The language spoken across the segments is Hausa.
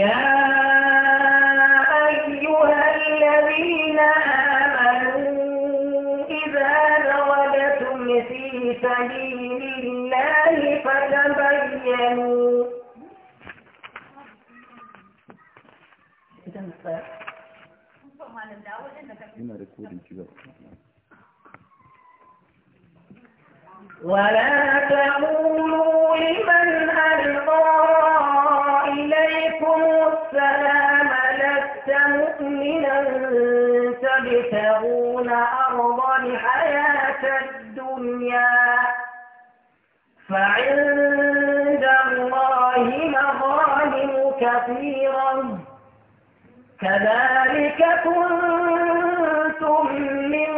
يا أيها الذين آمنوا إذا في سبيل الله فتبينوا ولا تقولوا لمن كثيرا كذلك كنتم من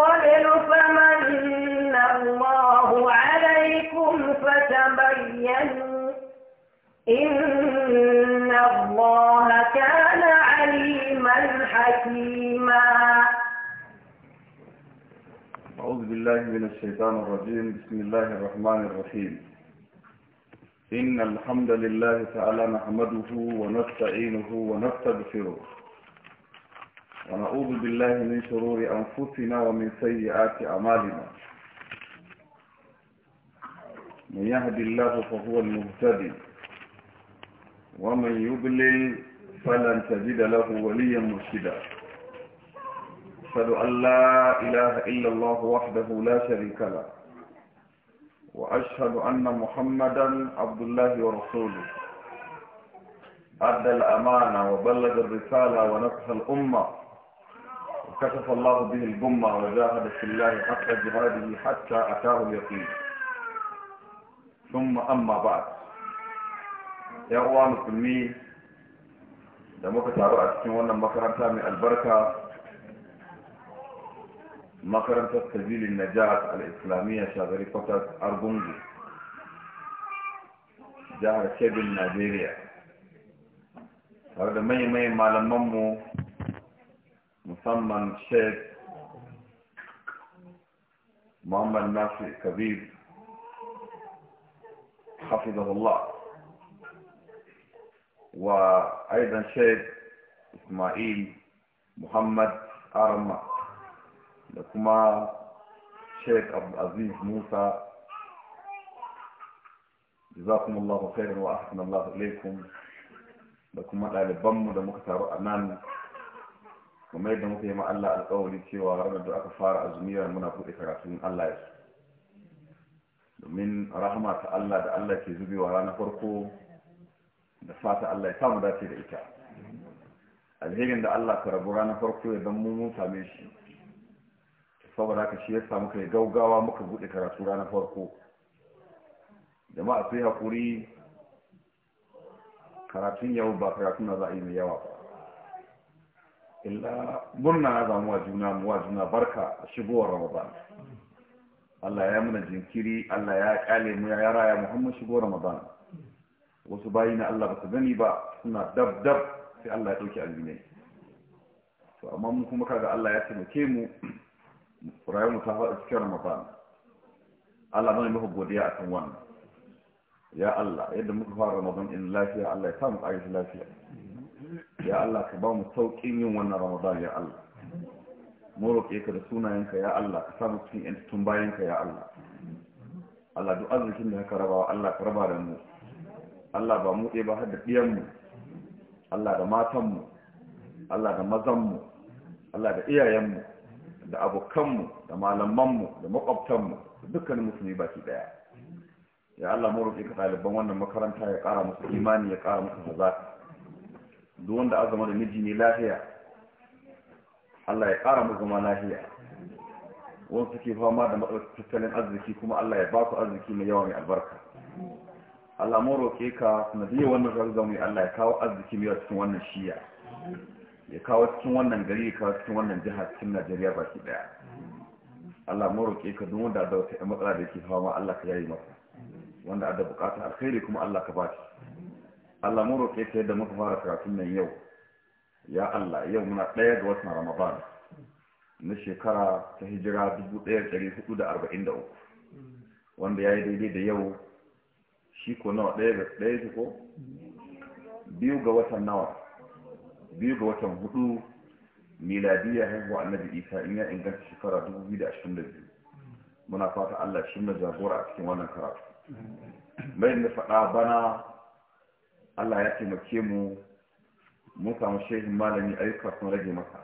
قبل فمن الله عليكم فتبينوا إن الله كان عليما حكيما أعوذ بالله من الشيطان الرجيم بسم الله الرحمن الرحيم إن الحمد لله تعالى نحمده ونستعينه ونستغفره ونعوذ بالله من شرور أنفسنا ومن سيئات أعمالنا من يهد الله فهو المهتدي ومن يضلل فلن تجد له وليا مرشدا أشهد أن لا إله إلا الله وحده لا شريك له وأشهد أن محمدا عبد الله ورسوله أدى الأمانة وبلغ الرسالة ونصح الأمة وكشف الله به الجمة وجاهد في الله حق جهاده حتى أتاه اليقين ثم أما بعد يا أخوان المسلمين لما muka taru a cikin wannan makaranta مقرن سبيل النجاة الإسلامية شاغري فترة أربونجي جار شيب النيجيريا هذا مي مي مال ممو مصمم شيب محمد ناصر كبير حفظه الله وأيضا شيب إسماعيل محمد أرمك da kuma sheik aziz musa jazakumullahu khairan wa ahsanallahu ilaikum da kuma mu da muka taru a nan kuma yadda muka yi ma Allah alƙawari cewa ranar da aka fara azumiyar muna buɗe karatun Allah ya domin rahama ta Allah da Allah ke zubewa ranar farko da fata Allah ya samu dace da ita alherin da Allah ka rabu ranar farko ya dan mu mun same shi saboda haka shi ya samu kai gaugawa muka buɗe karatu ranar farko jama'a sai hakuri karatun yau ba karatun na za a yi mai yawa ba illa murna na zamuwa juna mu wa juna barka a shigowar ramadan Allah ya muna jinkiri Allah ya kyale mu ya raya muhammad shigowar ramadan wasu bayi na Allah ba su gani ba suna dab dab sai Allah ya dauki albinai to amma mu kuma kaga Allah ya taimake mu rayuwar ta faɗi cikin ramadan Allah mai muku godiya kan wannan ya Allah yadda muka fara ramadan in lafiya Allah ya samu ayyuka lafiya ya Allah ka ba mu sauƙin yin wannan ramadan ya Allah mu roƙe ka da sunayenka ya Allah ka samu cikin yan tun bayanka ya Allah Allah duk arzikin da ka raba Allah ka raba da mu Allah ba mu ɗaya ba har da ɗiyanmu Allah da matanmu? Allah da mazanmu? Allah da iyayenmu? da abokanmu da malamanmu da makwabtanmu da dukkanin musulmi baki daya ya Allah mu rufe ka ɗaliban wannan makaranta ya ƙara musu imani ya ƙara musu hazaƙa duk wanda azama da miji ne lafiya Allah ya ƙara musu zama lafiya wanda suke fama da matsalar tattalin arziki kuma Allah ya ba su arziki mai yawa mai albarka Allah mu roƙe ka sanadiyar wannan zarzan Allah ya kawo arziki mai yawa cikin wannan shiya ya kawo cikin wannan gari ya kawo cikin wannan jihar cikin najeriya baki daya allah ma roƙe ka don wanda da wata yan matsala da ke hawa ma allah ka yayi masa wanda ada buƙatar alkhairi kuma allah ka bashi allah ma roƙe ka yadda muka fara karatun nan yau ya allah yau muna ɗaya ga watan ramadan na shekara ta hijira dubu ɗaya ɗari hudu da arba'in da uku wanda ya yi daidai da yau shi ko nawa ɗaya ga ɗaya ko biyu ga watan nawa biyu ga watan hudu miladiyya haihuwa annabi isa in ya inganta shekara da biyu. muna fata allah shi na jagora a cikin wannan karatu mai da faɗa bana allah ya taimake mu mun samu shehin malami ayyuka sun rage maka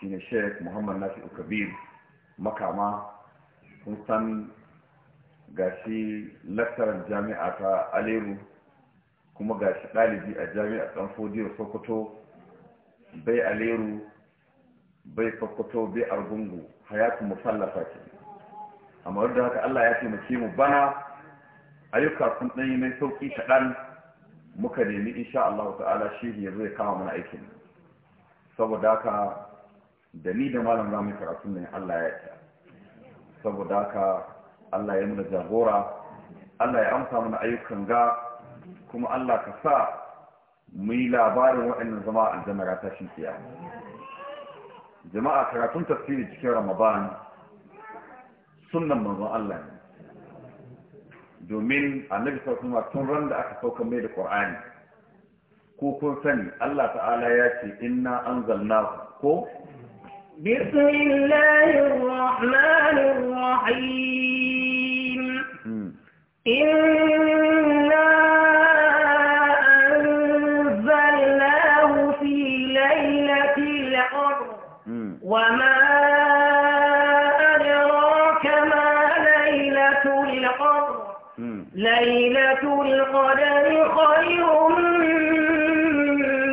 shine sheikh muhammad nafi'u kabir makama kun san gashi lakkarar jami'a ta aleru kuma ga shi ɗalibi a jami'a ɗan fodiyar sokoto bai aleru bai sokoto bai argungu hayatu musallafa ce amma duk da haka allah ya taimake mu bana ayyuka sun ɗan yi mai sauƙi kaɗan muka nemi insha allah ta'ala shi zai zai kama mana aikin saboda haka da ni da malam za mu yi karatu ne allah ya ta saboda haka allah ya muna jagora allah ya amsa mana ayyukan ga kuma Allah ka sa mu yi labarin waɗannan zama aljanna ga shi kiyama jama'a karatun tafsiri cikin ramadan sunnan manzon Allah ne domin annabi sallallahu alaihi tun ran da aka sauka mai da qur'ani ko kun sani Allah ta'ala ya ce inna anzalnahu ko bismillahir rahmanir rahim hmm. خير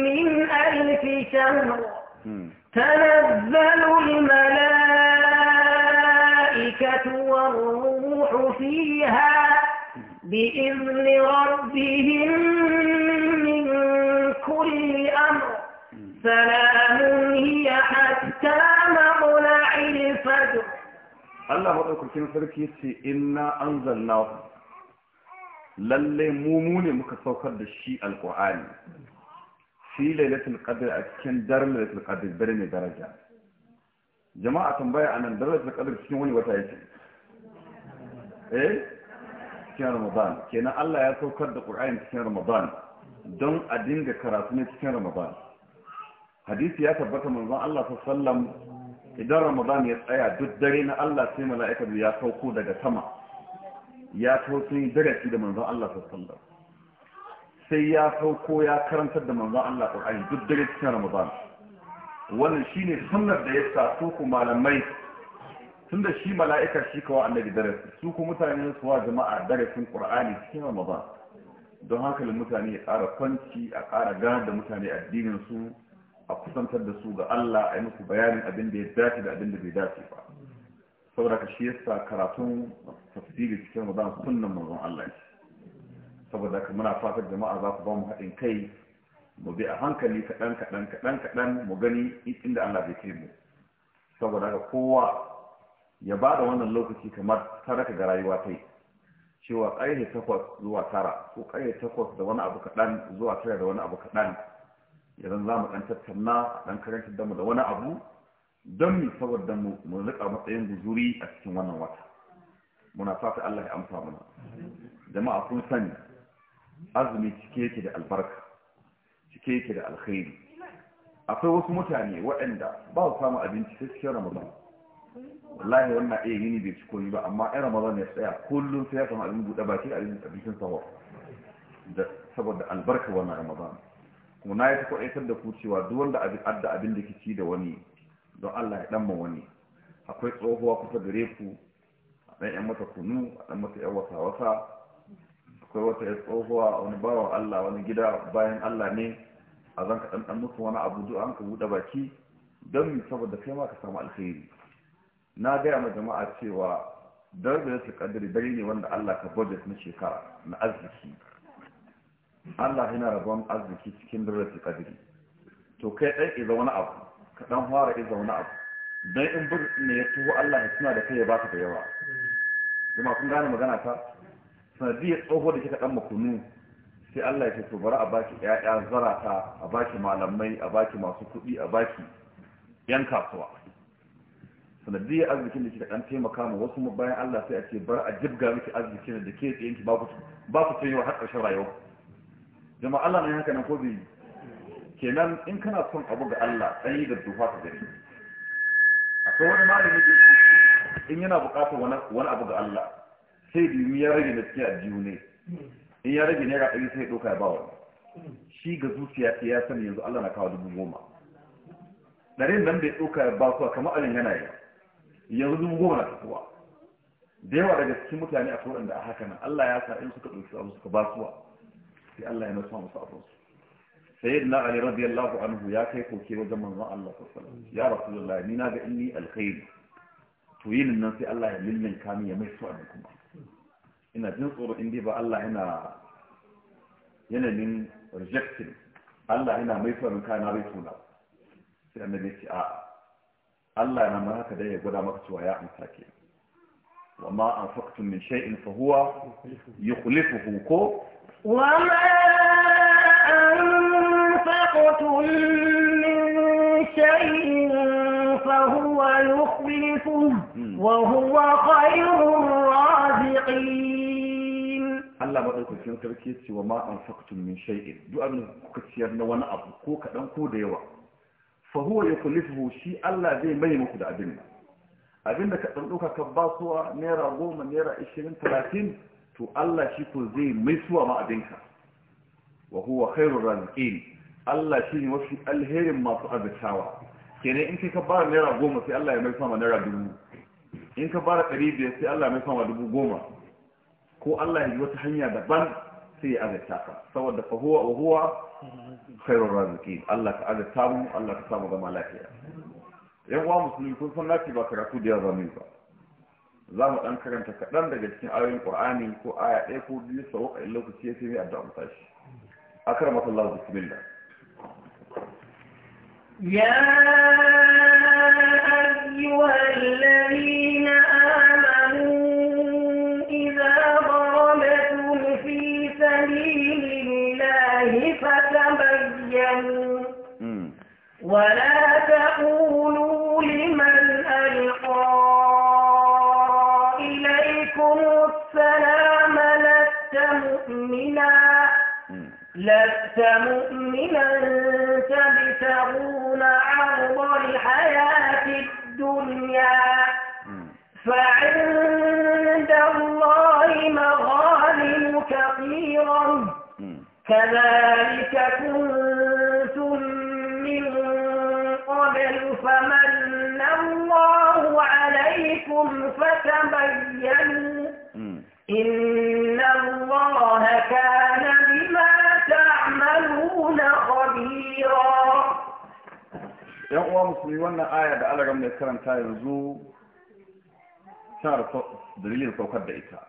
من ألف شهر تنزل الملائكة والروح فيها بإذن ربهم من كل أمر سلام هي حتى مطلع الفجر الله أكبر كلمة سرك إنا أنزلناه lalle mu mu ne muka saukar da shi alqur'ani fi lailatul qadr a cikin daren lailatul qadr dare ne daraja jama'a tambaya anan daren lailatul qadr cikin wani wata yake eh cikin ramadan kenan Allah ya saukar da qur'ani cikin ramadan don a dinga karatu ne cikin ramadan hadisi ya tabbata manzon Allah sallallahu alaihi wasallam idan ramadan ya tsaya duk dare na Allah sai mala'ika ya sauko daga sama ya taho yi darasi da manzon Allah sallallahu sai ya sauko ya karantar da manzon Allah Qur'ani duk dare cikin Ramadan wannan shine sunnar da ya sa su ku malamai tun da shi mala'ika shi kawo annabi darasi su ku mutane su wa jama'a darasin ƙur'ani cikin Ramadan don haka da mutane ya ƙara kwanci a ƙara gane da mutane addinin su a kusantar da su ga Allah a yi musu bayanin abin da ya dace da abin da bai dace ba saboda ka shi yasa karatun tafsiri cikin ramadan sunnan manzon Allah ne saboda ka muna fatar jama'a za ku ba mu haɗin kai mu bi a hankali kaɗan kaɗan kaɗan kaɗan mu gani inda Allah zai kai mu saboda ka kowa ya ba da wannan lokaci kamar taraka ga rayuwa ta cewa ƙarfe takwas zuwa tara ko ƙarfe takwas da wani abu kaɗan zuwa tara da wani abu kaɗan idan za mu ɗan tattauna a ɗan karantar damu da wani abu don mu saboda mu mu rika matsayin guzuri a cikin wannan wata muna fata Allah ya amsa mana jama'a kun sani azumi cike yake da albarka cike yake da alkhairi akwai wasu mutane waɗanda ba su samu abinci sai cikin ramadan wallahi wannan iya eh, yini bai ci koyi ba amma ɗan ramadan ya tsaya kullum sai ya samu abin buɗe baki abincin sahur da saboda albarka wannan ramadan kuma na yi ta kwaɗaitar da ku cewa duk wanda adda abin da ke ci da wani don Allah ya dan ma wani akwai tsohuwa kusa gare ku a dan yan mata kunu a dan mata yan wasa wasa akwai wata ya tsohuwa wani bawan Allah wani gida bayan Allah ne a ka dan dan musu wani abu du an ka bude baki don mi saboda kai ma ka samu alheri na gaya ma jama'a cewa darajar ta kadiri dare ne wanda Allah ka budget na shekara na arziki Allah yana rabon arziki cikin darajar ta kadiri to kai ɗan iza wani abu ka dan fara iza zauna abu dan in bir ne ya tuho Allah ya tuna da kai ya baka da yawa kuma kun gane magana ta sanadiyar tsoho da kika dan makunu sai Allah ya ce to bari a baki ƴaƴa zarata a baki malamai a baki masu kuɗi a baki yan kasuwa sanadiyar arzikin da kika dan taimaka ma wasu bayan Allah sai a ce bar a jibga miki arzikin da ke ki ba ku ba ku wa har ƙarshen rayuwa jama'a Allah ne haka nan ko bai kenan in kana son abu ga Allah yi da duha ka gani akwai wani malami da in yana buƙatar wani abu ga Allah sai dumi ya rage na cikin aljihu ne in ya rage ga ɗari sai doka ya ba wani shi ga zuciya ya sani yanzu Allah na kawo dubu goma ɗarin nan bai doka ya ba su kamar alin yana yi yanzu dubu goma na kasuwa da yawa daga cikin mutane a kowane da a haka nan Allah ya sa in suka ɗauki su suka ba kuwa sai Allah ya nasa musu su sayyidina ali radiyallahu anhu ya kai koke wajen manzon Allah sallallahu alaihi ya rasulullahi ni na ga inni alkhairi to yin nan sai Allah ya lillin kami ya mai su kuma ina jin tsoro in dai ba Allah yana yanayin rejecting Allah yana mai su abin na bai tuna sai annabi ya ce a Allah yana mana haka dai ya gwada maka cewa ya amsa ke Wa ma وما أنفقتم من شيء فهو يخلفه كو وما أنفقتم من شيء فهو يخلفه وهو خير الرازقين Allah maɗaukakin sarki ce wa ma an faktun min shay'in duk abin kuka ciyar na wani abu ko kaɗan ko da yawa fa huwa yukhlifuhu shi Allah zai mai muku da abin da ka ɗauka ka basuwa naira goma naira ishirin talatin to Allah shi ko zai mai suwa ma abinka wa huwa khairur raziqin Allah shi ne mafi alherin masu arzikawa kenan in kai ka bara naira goma sai Allah ya mai sama naira dubu in ka bara ɗari biyar sai Allah ya mai sama dubu goma ko Allah ya yi wata hanya daban sai ya azurta ka saboda fa huwa wa huwa khairur raziqin Allah ka azurta mu Allah ka samu zama lafiya yan uwa musulmi kun san naci ba karatu da yawa zamu ba za mu dan karanta kaɗan daga cikin ayoyin Qur'ani ko aya ɗaya ko biyu sau a lokaci ya sai mai addu'a mu tashi akramaka Allah bismillah يا أيها الذين آمنوا إذا ضربتم في سبيل الله فتبينوا ولا تقولوا لست مؤمنا تبتغون عرض الحياة الدنيا فعند الله مظالم كثيرا كذلك كنتم من قبل فمن الله عليكم فتبينوا إن الله كان yan uwa musulmi wannan aya da alaram ne karanta yanzu tana dalilin saukar da ita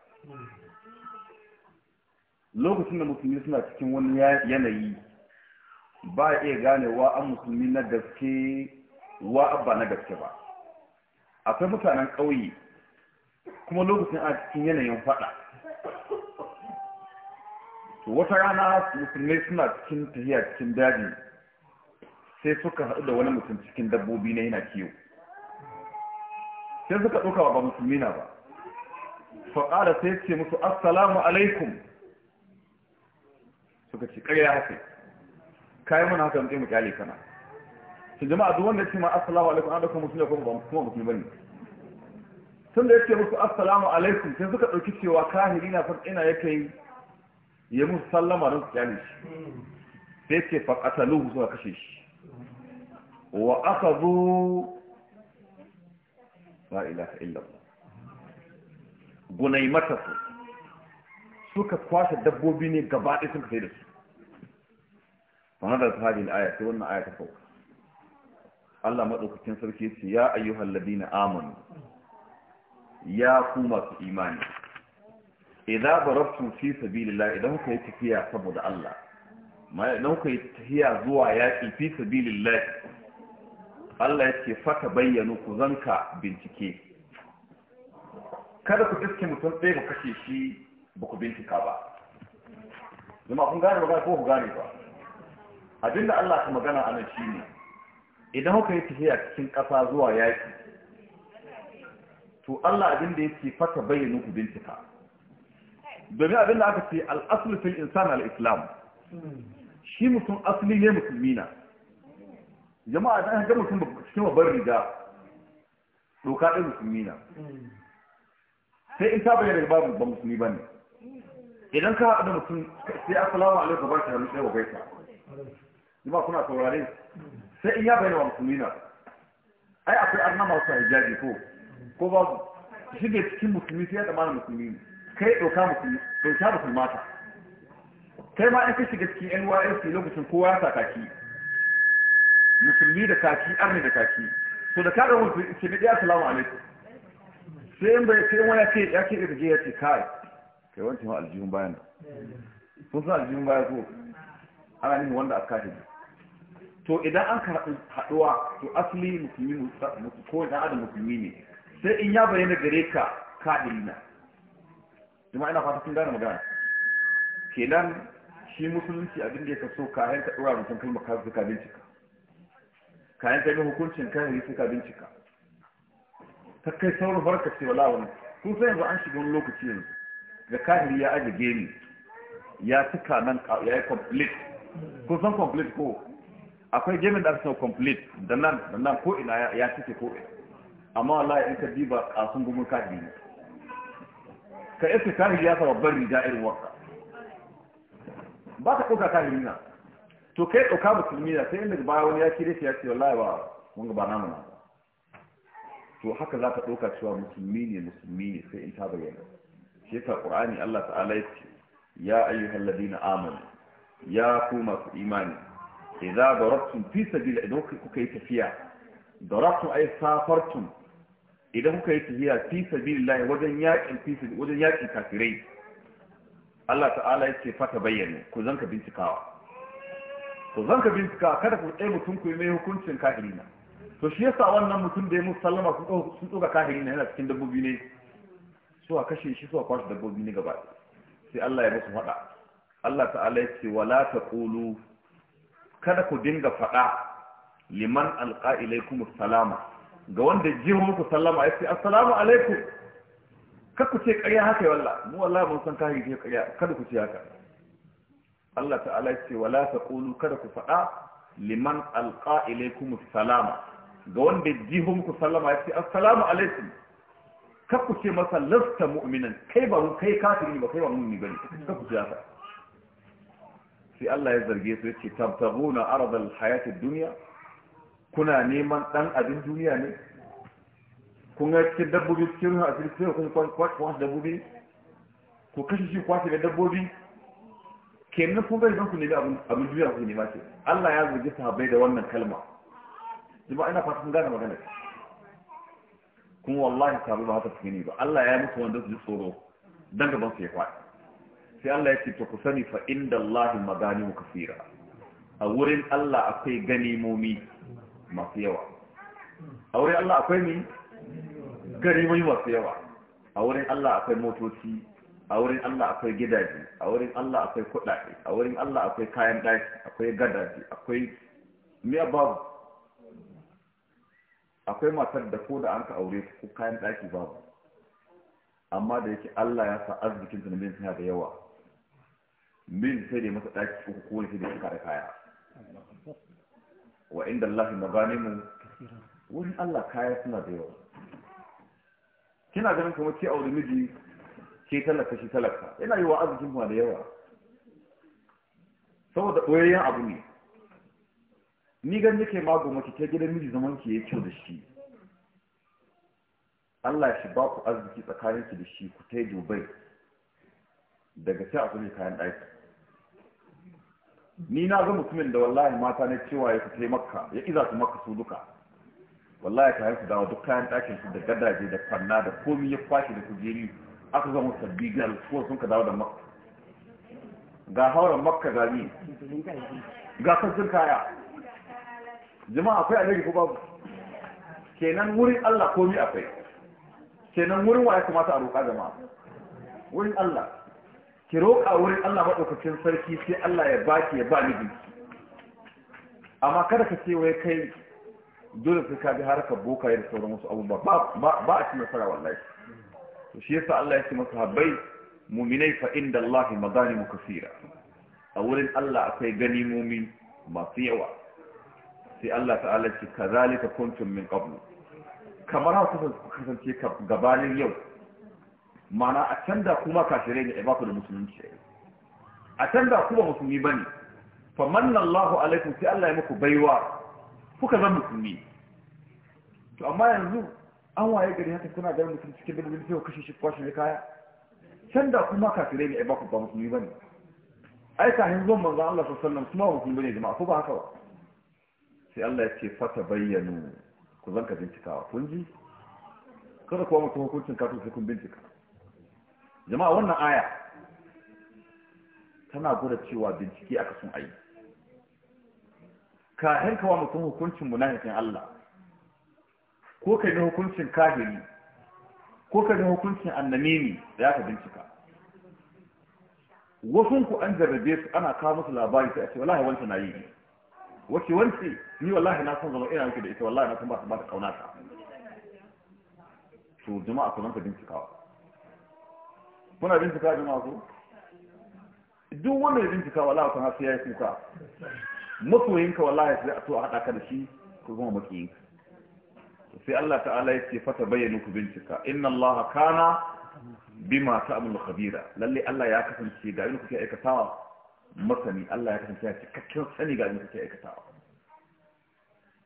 lokacin da musulmi suna cikin wani yanayi ba ya iya ganewa an musulmi na gaske wa abba na gaske ba akwai mutanen ƙauye kuma lokacin a cikin yanayin faɗa wata rana musulmi suna cikin tafiya cikin daji sai suka haɗu da wani mutum cikin dabbobi na yana kiwo sai suka ɗauka ba musulmi na ba faƙada sai ce musu assalamu alaikum suka ce ƙarya haka kayan mana haka mutum kyale kana su jama'a duk wanda ya ce ma assalamu alaikum an ɗauka musulmi kuma kuma musulmi ne sun da ya ce musu assalamu alaikum sai suka ɗauki cewa kahiri na san ina yake yi ya musu sallama don su kyale shi sai ce faƙataluhu suka kashe shi wa akhadhu la ilaha illa Allah gunaimata suka kwashe dabbobi ne gaba ɗaya suka sai da su fana da tsarin aya sai wannan aya ta sauka Allah maɗaukakin sarki ce ya ayyuhal ladina amanu ya ku masu imani idan barabtum fi sabilillah idan kuka yi tafiya saboda Allah nan ku tahiya zuwa yaƙi fi sabilillah Allah ya ce fata bayyanu ku zanka bincike kada ku iske mutum ɗaya ku kashe shi ba ku bincika ba zama kun gane magana ko ku gane ba abinda Allah ka magana a nan shi ne idan kuka yi tafiya cikin ƙasa zuwa yaƙi to Allah abinda da yake faka bayyana ku bincika domin abinda aka ce al'asul fil insan al-islam shi mutum asali ne musulmi na jama'a da an ga mutum cikin babban riga doka ɗin musulmi na sai in ta bayyana ba ba musulmi ba ne idan ka haɗu da mutum sai assalamu alaikum ba ta sai wa gaisa jama'a kuna saurare sai in ya bayyana wa musulmi na ai akwai arna masu hijabi ko ko shi shige cikin musulmi sai ya zama musulmi kai doka musulmi doka musulmata kai ma in ka shiga cikin NYSC lokacin kowa ya sa kaki musulmi da kaki arni da kaki to da kada wani ce ne ya salamu alaikum sai in bai sai wani ya ce ya ce ya ce kai kai wancan ma aljihun bayan sun san aljihun bayan ko ana nufin wanda aka kashe to idan an karɓi haɗuwa to asali musulmi ko ɗan adam musulmi ne sai in ya bayyana gare ka ka na jama'a ina fata kun gane magana kenan shi musulunci abin da ya kaso kayan ka dora mutum kalmar ka suka bincika kayan ka yi hukuncin kan yi suka bincika ta kai saurin farka ce wala wani kun sai yanzu an shiga wani lokaci yanzu ga kahiri ya aje gemi ya suka nan ya yi complete kun san complete ko akwai gemi da aka sau complete da nan da nan ko ina ya cike ko ina amma wala ya ka diba kasun gumin kahiri ne ka iska kahiri ya sa babban riga irin wanka ba ta ɗauka kan na to kai ɗauka musulmi na sai inda baya wani ya kire shi ya ce wallahi ba mun ga ba namu to haka za ka ɗauka cewa musulmi ne musulmi ne sai in ta bayyana shi ta qur'ani Allah ta'ala ya ce ya ayyuhal ladina amanu ya ku masu imani idza darabtum fi sabili idan kuka yi tafiya darabtum ay safartum idan kuka yi tafiya fi sabilillah wajen yaƙin fi wajen yaƙin kafirai Allah ta'ala ya ce fata bayyana ku zanka bincikawa to zanka bincikawa kada ku tsaye mutum ku yi mai hukuncin kahiri na to shi yasa wannan mutum da ya musu sallama sun tsoga kahiri na yana cikin dabbobi ne su a kashe shi su a kwashe dabbobi ne gaba sai Allah ya musu faɗa Allah ta'ala ya ce wala taqulu kada ku dinga faɗa liman alqa ilaykum salama ga wanda jiho muku sallama ya ce assalamu alaikum kakku ce ƙarya haka yi wallah mu wallah mun san kahi ce ƙarya kada ku ce haka Allah ta'ala ce wala taqulu kada ku faɗa liman alqa ilaykum salama ga wanda jihun ku sallama ya ce assalamu alaikum kakku ce masa lasta mu'minan kai ba kai kafiri ba kai ba mu'mini bane ku ce haka sai Allah ya zarge su yace tabtaguna aradal hayatid dunya kuna neman dan abin duniya ne kun ga cikin dabbobi cikin ruhun asiri sai ku kwashe dabbobi ku kashe shi kwashe da dabbobi kenan kun gari don ku nemi abin duniya ku nema ce Allah ya zargi sahabbai da wannan kalma jama'a ina fata kun gane magana kuma wallahi sahabbai ba haka su gani ba Allah ya musu wanda su ji tsoro dan gaban su ya faɗi sai Allah ya ce to ku sani fa inda Allah magani mu kasira a wurin Allah akwai ganimomi masu yawa a wurin Allah akwai ni. Gari mai masu yawa a wurin Allah akwai motoci a wurin Allah akwai gidaje a wurin Allah akwai kuɗaɗe a wurin Allah akwai kayan ɗaki akwai gadaje akwai miya babu akwai matar da ko da an ka aure ko kayan ɗaki babu amma da yake Allah ya sa arzikin na min suna da yawa min sai dai masa ɗaki uku ko wani sai da ya da kaya wa inda Allah mu, wurin Allah kaya suna da yawa kina ganin kamar ce aure miji ke talaka shi talaka yana yi wa arzikin ma da yawa saboda ɓoyayyen abu ne ni gan nake ma goma ki ke gidan miji zaman ki yake kyau da shi Allah shi ba ku arziki tsakanin ki da shi ku ta Dubai daga sai a ne kayan ɗaki ni na ga mutumin da wallahi mata ne cewa ya ku ta makka ya iza su makka su duka wallahi ka haifu dawo duk kayan ɗakin su da gadaje da kwanna da komi ya kwashe da kujeri aka zama sabbi gal ko sun ka dawo da makka ga hauren makka gami ga kansun kaya jama'a akwai alheri ko babu kenan wurin Allah komi akwai kenan wurin wa ya kamata a roƙa jama'a wurin Allah ki roƙa wurin Allah maɗaukacin sarki sai Allah ya baki ya ba ni amma kada ka ce wai kai dole sai ka bi harkar bokaye da sauran wasu abubuwa ba a ci nasara wallahi to shi yasa Allah ya ce masa habbai muminai fa inda Allah ya mu kasira a wurin Allah akwai gani ganimomi masu yawa sai Allah ta'ala ce ka kazalika kuntum min qablu kamar haka ku kasance gabanin yau mana a can da kuma kashirai ne ba baku da musulunci a can da kuma musulmi bane fa manna Allahu alaikum sai Allah ya muku baiwa kuka zan musulmi to amma yanzu an waye gari haka kuna ganin mutum cikin dalilin sai kashe shi kwashe ne kaya can da kuma kafirai ne baku ba musulmi ba ne bane ai kafin zuwan manzon Allah sallallahu alaihi wasallam kuma musulmi ne jama'a ko ba haka ba sai Allah ya ce fata bayyanu ku zanka bincikawa kun ji kada kuwa mutum hukuncin kafin sai kun bincika jama'a wannan aya tana gwada cewa bincike aka sun ayi kafin kawa mutum hukuncin munafikin Allah ko ka yi hukuncin kahiri ko ka yi hukuncin annamimi da ya ka bincika wasun ku an jarrabe su ana kawo musu labari sai a ce wallahi wancan na yi wace wance ni wallahi na san zama ina yake da ita wallahi na san ba ta ba ta kauna ta to jama'a ku nan ka bincikawa kuna bincika jama'a ku duk wanda ya bincika wallahi ku na sai ya yi kuka masoyinka wallahi sai a so a haɗa ka da shi kuma zama makiyinka sai Allah ta'ala ya ce fata bayyana ku bincika inna Allah kana bima ta'malu khabira lalle Allah ya kasance ga yin kuke aikatawa masani Allah ya kasance ya cikakken sani ga yin kuke aikatawa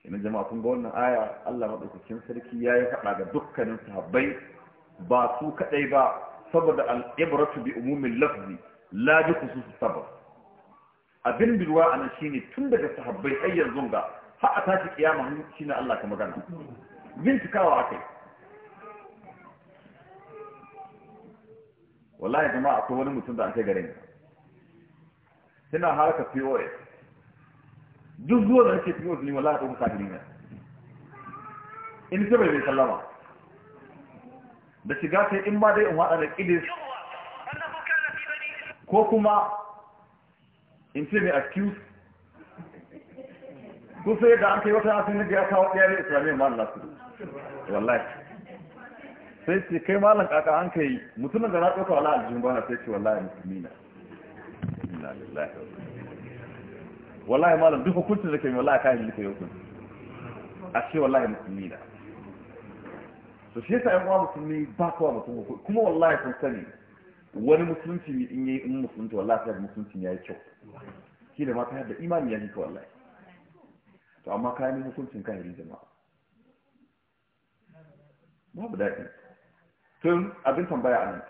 kenan jama'a kun ga wannan aya Allah madaukakin sarki ya yi haɗa ga dukkanin sahabbai ba su kadai ba saboda al-ibratu bi umumin lafzi la bi khusus sabab abin birwa a nan shine tun daga sahabbai har yanzu ga har a tashi kiyama shine Allah ka magana bincikawa akai wallahi jama'a akwai wani mutum da an kai garin suna harkar POS duk zuwa da nake POS ne wallahi ko kafiri ne in sai bai sallama da shiga sai in ma dai in wada da kidis ko kuma in ce mai accuse ko sai da an kai wata asin da ya kawo ɗaya ne islamiyya ma Allah su wallahi sai ce kai malam kaka an kai mutumin da na ɗauka wala aljihun bana sai ce wallahi musulmi na inna lillahi wallahi malam duk hukuncin da ke mai wallahi kayan lika yau a ce wallahi musulmi na to shi yasa yan uwa musulmi ba kowa mutum kuma wallahi sun sani wani musulunci in yi in musulunci wallahi sai musulunci ya yi kyau shi da mata da imani ya nika wallahi to amma kayan hukuncin kayan jama'a babu daɗi tun abin tambaya a nan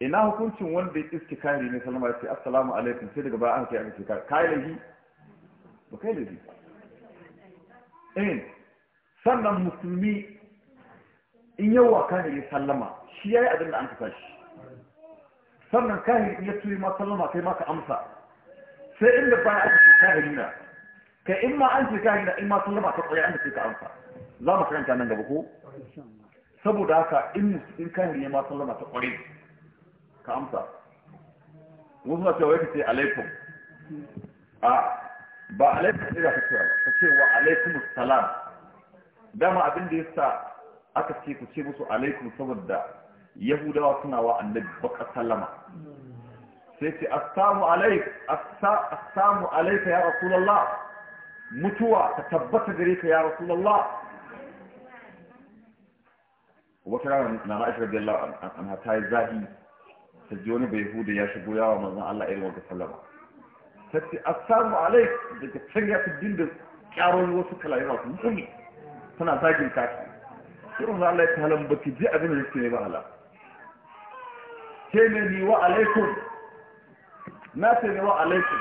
ina hukuncin wanda ya iske kayan ne salama ya ce assalamu alaikum sai daga baya an kai aka ce kai laifi ba kai laifi in eh. sannan musulmi in yawa kayan ne sallama shi ya yi abin da an kasa shi sannan kayan yi ya turi ma sallama kai ma ka amsa sai inda ba a cikin kahirina kai in ma an ce kahirina in ma sun lama ka tsaye an da ce ka amsa za mu karanta nan gaba ko saboda haka in in kahiri ma sun lama ta kware ka amsa mun suna cewa yake ce alaikum a ba alaikum sai ka ce ka ce wa alaikum salam dama abin da ya sa aka ce ku ce musu alaikum saboda yahudawa suna wa annabi baka sallama سيتي أسام عليك أسام عليك يا رسول الله متوى تتبت ذريك يا رسول الله وكرا نرأيش رضي الله عن هتاي زاهي سجيوني بيهود يا شبويا ومزنا الله إلو وقسلم سيتي أسام عليك دي تنجي في الدين دي كارول وسك الله يراث مهمي سنا زاجي الكاكي سيرون الله يتهلم بكي جي أبنى يكتني بهلا كيمني na ne wa alaikum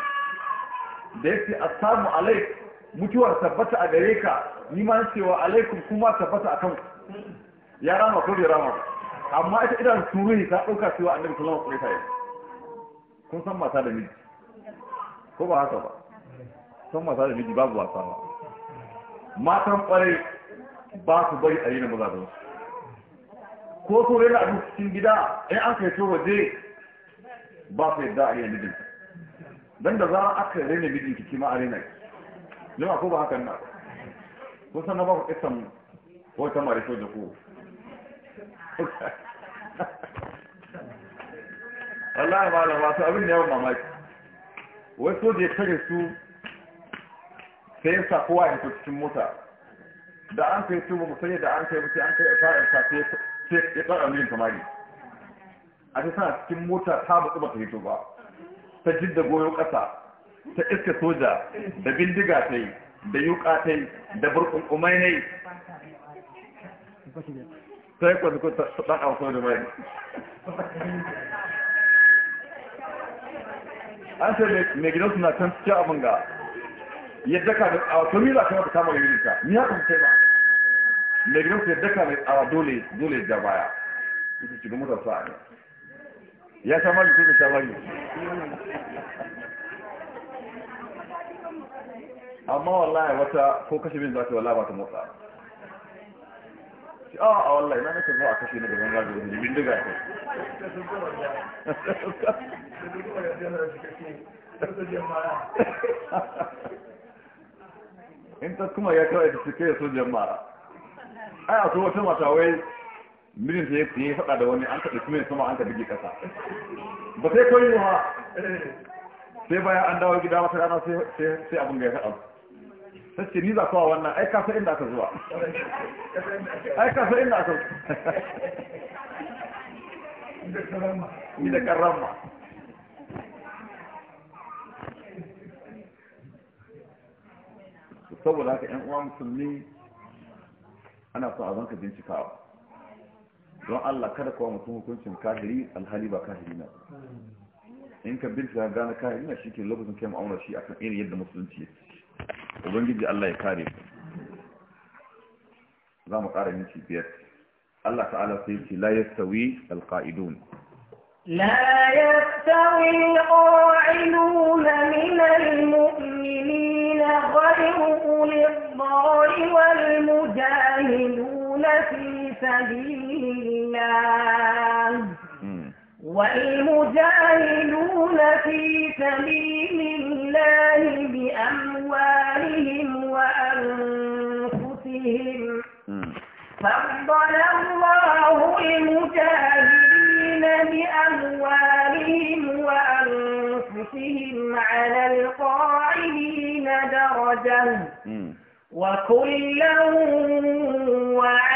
da yake assalamu alaikum mutuwar tabbata a gare ka ni ma nace wa alaikum kuma tabbata a kanku ya rama ko bai rama amma ita idan suruhi ta dauka cewa annabi sallallahu alaihi wasallam kun san mata da miji ko ba haka ba san mata da miji babu wasa ba matan kwarai ba su bari a yi na mazajensu ko so yana abin cikin gida in an kai to waje ba su yadda a yi mijin don da za aka rena mijin ki kima a rena ki jima ko ba haka na ko sannan na ba ku isan wata mara soja ko ba malama su abin da yawan mamaki wai soja ya tare su sai yin sa ya cikin mota da an kai su ba mu sanya da an kai mutu an kai a karin sa sai ya tsara mijin kamari a ta sana cikin mota ta batsu ba ta hito ba ta jidda goyo ƙasa ta iska soja da bindiga ta yi da yuka ta yi da burkunkumai na yi ta yi kwazuku ta ɗan auto da mai an sai mai gidansu na can cikin abin ga yadda ka a wata mila kuma ta kama yurinka ni haka mutai ba mai gidansu yadda ka mai a dole dole da baya ita cikin mutasa ne ya samar da su da samari amma wallahi wata ko kashe min za ta wallahi ba ta motsa a a ah, ah, wallahi na nake zuwa kashe na gaban gado da jimin diga ta in ta kuma ya kawai da suke so jama'a ai a so wata mata mirin ta ya yi faɗa da wani an kaɗa mai sama an kaɗa ƙasa ba sai koyi ha sai bayan an dawo gida wata rana sai abin ga ya faɗa sai ce ni za kowa wannan ai kasa inda aka zuwa ai kasa inda aka zuwa ni da karamma saboda haka 'yan uwa musulmi ana so a zanka bincikawa don Allah kada kawo mutum hukuncin kahiri alhali ba kahiri na in ka bin sa gane kahiri na shike lokacin kai mu'amala shi akan irin yadda musulunci ya ce ubangiji Allah ya kare ku za mu ƙara minti biyar Allah ta'ala sai ce la yastawi alqa'idun لا يستوي القاعدون من المؤمنين غير أولي الضرر والمجاهدون في سبيل الله والمجاهدون في سبيل الله بأموالهم وأنفسهم فضل الله المجاهدين بأموالهم وأنفسهم على القاعدين درجة وكلا وعلا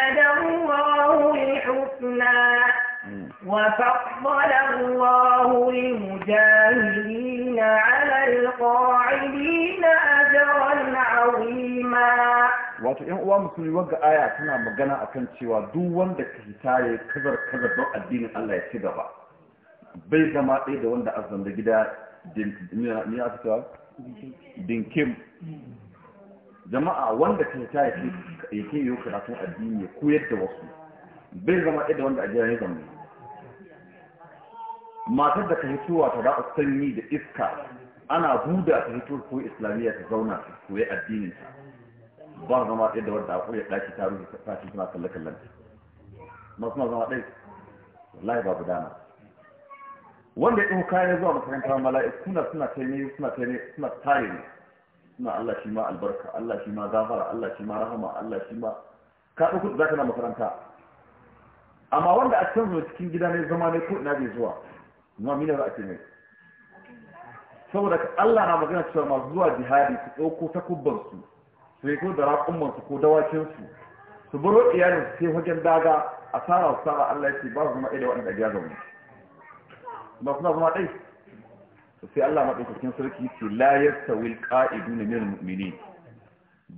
وفضل الله المجاهدين على القاعدين أجرا عظيما wato ƴan uwa musulmi wanga aya tana magana akan cewa duk wanda ka hita ya kazar kazar don addinin Allah ya ci gaba bai zama ɗaya da wanda azan da gida ni a fita dinkim jama'a wanda ka hita ya ke yi karatun addini ya koyar da wasu bai zama ɗaya da wanda a jira ya zama matar da ka hitowa ta ra'a sanyi da iska ana buda ta hito ko islamiyya ta zauna ta koyi addinin ta ba zama ɗaya da wanda a koyi ɗaki ta rufe ta tashi suna kalle kallon ta masu na zama ɗaya wallahi babu dama wanda ya ɗauka ya zuwa makarantar mala'ikuna suna taimai suna taimai suna tare ne suna Allah shi ma albarka Allah shi ma gafara Allah shi ma rahama Allah shi ma ka ɗauka za ka na makaranta amma wanda a canzo cikin gida ne zama ne ko ina bai zuwa amma mina za a ce mai saboda Allah na magana cewa masu zuwa jihadi su ɗauko takubban su su yi ko da raƙumman su ko dawakin su su baro iyalin su sai wajen daga a sara su sara Allah ya ce ba su zama ɗaya da waɗanda ya zaune ba suna zama ɗai sai Allah maɗaukakin sarki ce la yastawi alqa'iduna min mu'mini,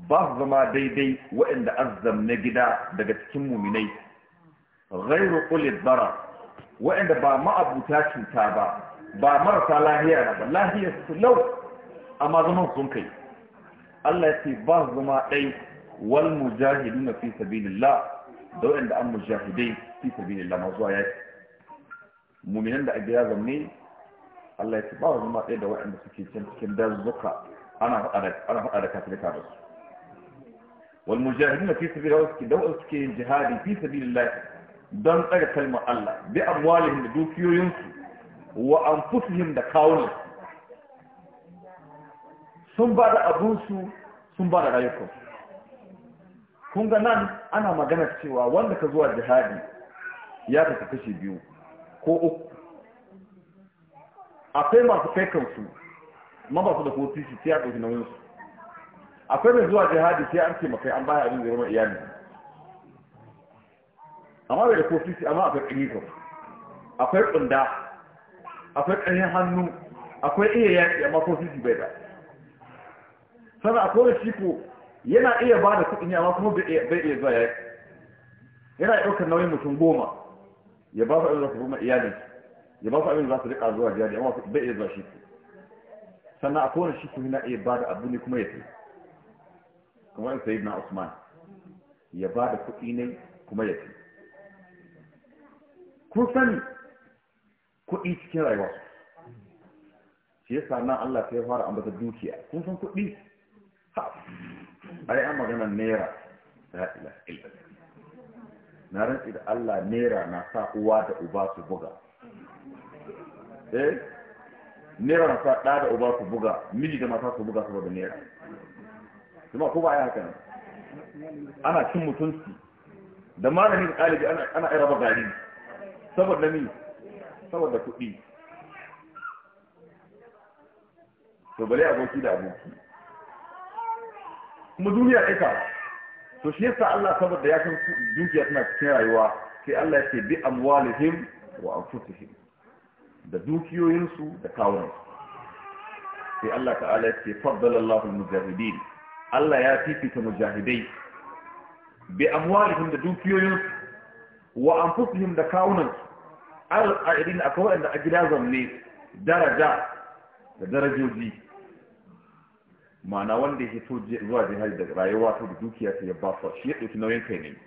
ba su zama daidai waɗanda azzam na gida daga cikin mu'minai ghairu qulil bara wa'anda ba ma'abuta cuta ba ba marasa lahiya ba lahiya su lau amma zaman sun kai Allah ya ce ba zama dai wal mujahiduna fi sabilillah da an mujahidai fi sabilillah ma zuwa yaki mu'minan da abiya zamne Allah ya ce ba zama dai da wa'anda suke can cikin dazzuka ana ana faɗa da kafirka ba su wal mujahiduna fi sabilillah suke jihadi fi don tsare kalmar Allah bi amwalihim da dukiyoyinsu wa anfusihim da kawunan sun ba da abinsu sun ba da rayukansu kun ga nan ana magana cewa wanda ka zuwa jihadi ya tafi kashi biyu ko uku akwai masu kai kansu ma ba su da kotu shi sai a ɗauki nauyinsu akwai mai zuwa jihadi sai an ce makai an baya abin da zama iyali amma bai da kofi amma akwai ƙirikon akwai ƙunda akwai ƙarfin hannu akwai iya yaƙi amma kofi bai da sannan akwai da shi ko yana iya ba da kuɗi amma kuma bai iya zuwa yaki yana ɗaukar nauyin mutum goma ya ba su abin su kuma iyalin ya ba su abin da za su riƙa zuwa jihadi amma bai iya zuwa shi ko sannan akwai shi ko yana iya ba da abu ne kuma ya fi kamar na usman ya ba da kuɗi ne kuma ya fi kun sani kuɗi cikin rayuwa shi yasa nan Allah sai fara ambata dukiya kun san kuɗi ha ai an magana naira la ilaha illa na rantsi da Allah naira na sa uwa da uba su buga eh naira na sa ɗa da uba su buga miji da mata su buga saboda naira kuma ko ba ya haka ana cin mutunci da malami da ɗalibi ana ana raba gari saboda ni saboda kuɗi to bale aboki da aboki kuma duniya ɗaya to shi yasa Allah saboda ya san dukiya tana cikin rayuwa sai Allah ya ce bi amwalihim wa anfusihim da dukiyoyinsu da kawunan sai Allah ta'ala ya ce faddala Allahul mujahidin Allah ya fifita mujahidai bi amwalihim da dukiyoyinsu wa anfusihim da kawunan al'adin akwai wanda a gida zamne daraja da darajoji ma'ana wanda ya fito zuwa jihar da rayuwa ta da dukiya ta ya ba su shi ya ɗauki nauyin kai ne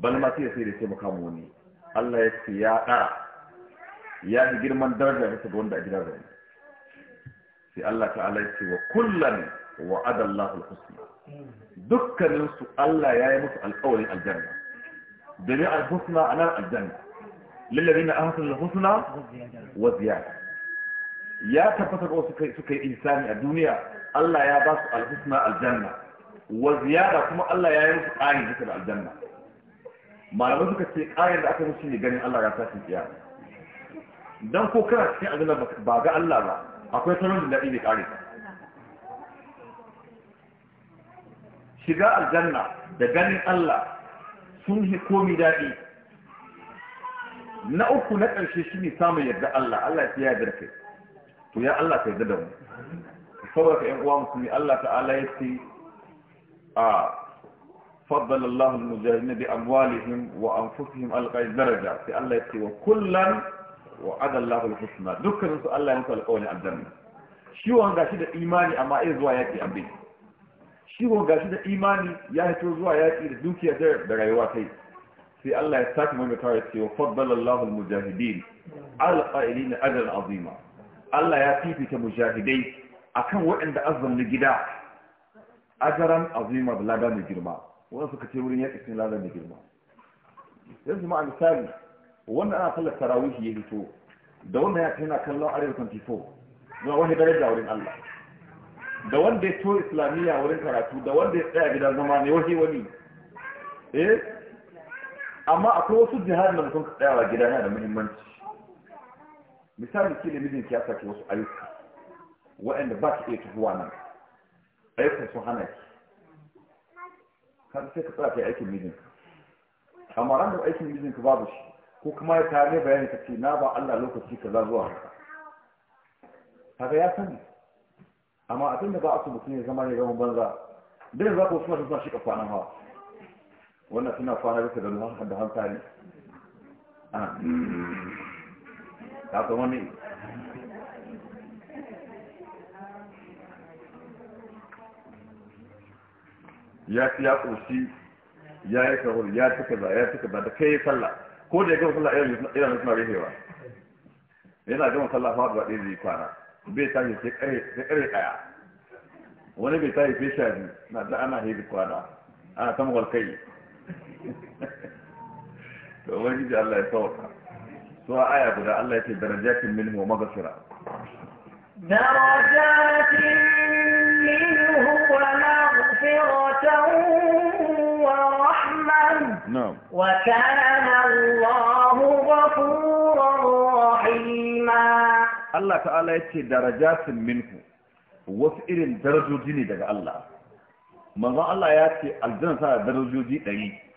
bal ma sai sai da sai makamu wani Allah ya ce ya ɗara ya fi girman daraja bisa ga wanda a gida zamne sai Allah ta'ala ya ce wa kullan wa adallahu al-husna dukkaninsu Allah ya yi musu alƙawarin aljanna jami'al husna anan aljanna lillazina ahsanu da husna wa ziyada ya tabbata ko suka suka yi insani a duniya Allah ya ba su al Aljanna, al-janna wa ziyada kuma Allah ya yi musu ƙarin duka da aljanna malamai suka ce ƙarin da aka musu ne ganin Allah ya tashi tsiya dan ko kana cikin aljanna ba ga Allah ba akwai sanar da daɗi ne ƙari shiga aljanna da ganin Allah sun hi komi daɗi na uku na ƙarshe shi ne samun yadda Allah Allah ya yarda kai to ya Allah ka yarda da mu saboda ƴan uwa musulmi Allah ta'ala ya ce a faddala Allah al na bi amwalihim wa an anfusihim alqai daraja sai Allah ya ce wa kullan wa ada Allah al-husna dukkan su Allah ya musu alƙawarin aljanna shi wanga gashi da imani amma iya zuwa yaki abin shi wanga gashi da imani ya hito zuwa yaki da dukiyar da rayuwa kai sai Allah ya sake maimaitawa ya ce wa faddalallahu almujahidin ala qa'ilina ajran azima Allah ya fifita mujahidai akan waɗanda azzamni gida ajran azima da lada mai girma wanda suka ce wurin yaƙi sun lada mai girma yanzu ma misali wanda ana sallar tarawih ya fito da wanda ya tana kallon arewa 24 zuwa wani daraja wurin Allah da wanda ya to islamiyya wurin karatu da wanda ya tsaya gida zama ne wani wani eh amma akwai wasu jihar da mutum ka tsayawa gida yana da muhimmanci misali ke da mijinki ya saki wasu ayyuka waɗanda ba ki iya tafiya nan ayyukan sun hana ki kan sai ka tsaya kai aikin mijinka amma ran da aikin mijinka babu shi ko kuma ya tare bayani ka ce na ba Allah lokaci kaza zuwa haka kaga ya sani amma abin da ba a so mutum ya zama ne zaman banza dai za ku masu suna shi ka kwanan hawa wannan suna kwana bisa da ruwan da hankali a kafin wani ya ci ya ƙoshi ya yi sahur ya ci kaza ya ci kaza da kai ya sallah ko da ya gama sallah irin suna rufewa yana gama sallah fa ba ɗaya zai kwana bai tashi sai ƙare ɗaya wani bai tashi sai sha biyu na da ana hebe kwana ana ta mawalkai to ubangiji Allah ya sauka so aya guda Allah ya ce darajatin minhu wa maghfira darajatin minhu wa maghfiratan نعم وكان الله غفورا رحيما الله تعالى يتي درجات wasu irin darajoji ne daga Allah manzon Allah ya ce aljanna ta darajoji 100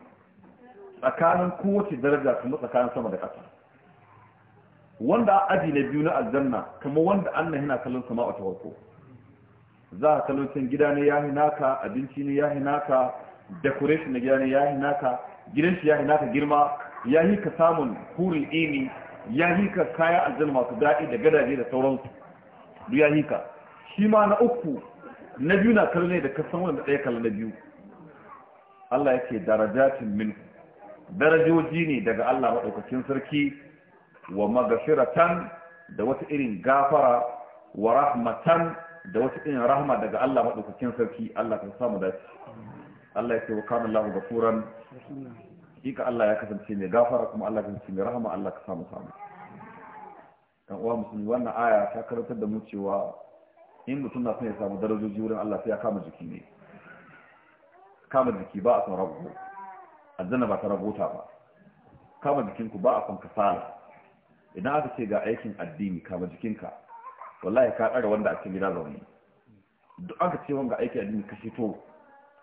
tsakanin kowace daraja kuma tsakanin sama da ƙasa wanda aji na biyu na aljanna kuma wanda Allah yana kallon sama a farko za ka kallon can gida ne ya hinaka, abinci ne ya hinaka, decoration na gida ne ya hinaka, gidan shi ya hinaka girma ya yi ka samun hurin ini ya yi ka kaya aljanna masu daɗi da gadaje da sauransu duk ya yi ka shi ma na uku na biyu na kallon ne da kasan wanda ɗaya kallon na biyu Allah yake ce darajatin minku darajoji ne daga Allah maɗaukakin sarki wa magafiratan da wata irin gafara wa rahmatan da wata irin rahma daga Allah maɗaukakin sarki Allah kan samu dace Allah ya ce wa kana Allahu gafuran hakika Allah ya kasance mai gafara kuma Allah ya kasance mai rahma. Allah ka samu samu kan uwa musulmi wannan aya ta karantar da mu cewa in mutum na son ya samu darajoji wurin Allah sai ya kama jiki ne kama jiki ba a son rabu aljanna ba ta rabota ba kama jikinku ba a kan kasala idan aka ce ga aikin addini kama jikinka wallahi ka tsara wanda a cikin gida zaune duk aka ce wanga aikin addini ka fito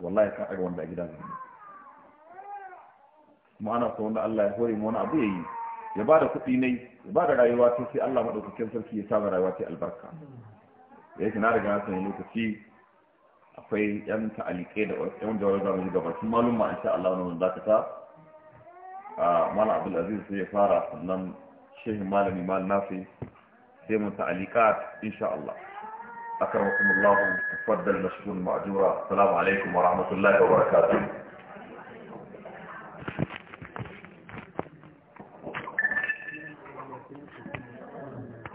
wallahi ka tsara wanda a gida zaune kuma ana so wanda Allah ya hore mu wani abu yayi ya bada kuɗi ne ya bada rayuwa ta sai Allah madaukakin sarki ya sa rayuwa ta albarka yake na riga na sanin lokaci akwai yan ta'alike da wanda wani zamani gaba sun malum ma insha Allah wani dakata a mana abu aziz sai ya fara sannan shehin malami mal nafi sai mun ta'alika insha Allah akarwakumullahu tafaddal mashkun ma'jura assalamu alaikum wa rahmatullahi wa barakatuh